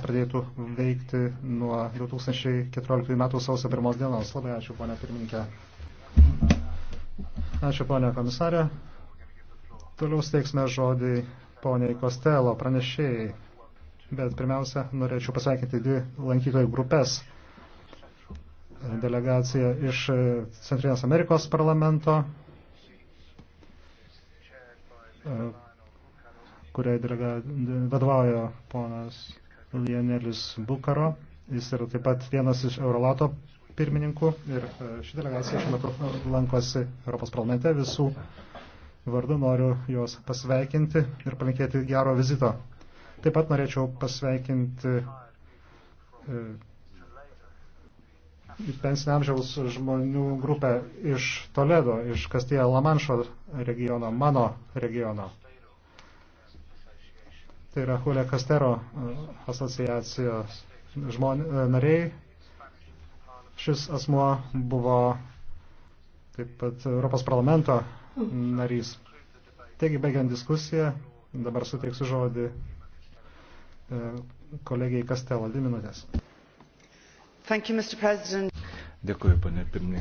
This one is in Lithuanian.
pradėtų veikti nuo 2014 m. sausio 1 dienos. Labai ačiū, ponia pirmininkė. Ačiū, ponia komisarė. Toliau steiksime žodį poniai Kostelo pranešėjai. Bet pirmiausia, norėčiau pasveikinti dvi lankytojų grupės. Delegacija iš Centrinės Amerikos parlamento kuriai vadovauja ponas Lienelis Bukaro. Jis yra taip pat vienas iš Eurolato pirmininkų ir e, ši delegacija šiuo metu lankosi Europos parlamente. Visų vardu noriu juos pasveikinti ir palinkėti gero vizito. Taip pat norėčiau pasveikinti e, pensinio amžiaus žmonių grupę iš Toledo, iš Kastija Lamanšo regiono, mano regiono tai yra Julio Castero e, asociacijos žmon, e, nariai. Šis asmuo buvo taip pat Europos parlamento narys. Taigi, baigiant diskusiją, dabar suteiksiu žodį e, kolegijai Kastelo. Dvi minutės. Dėkuoju, panė pirmininkė.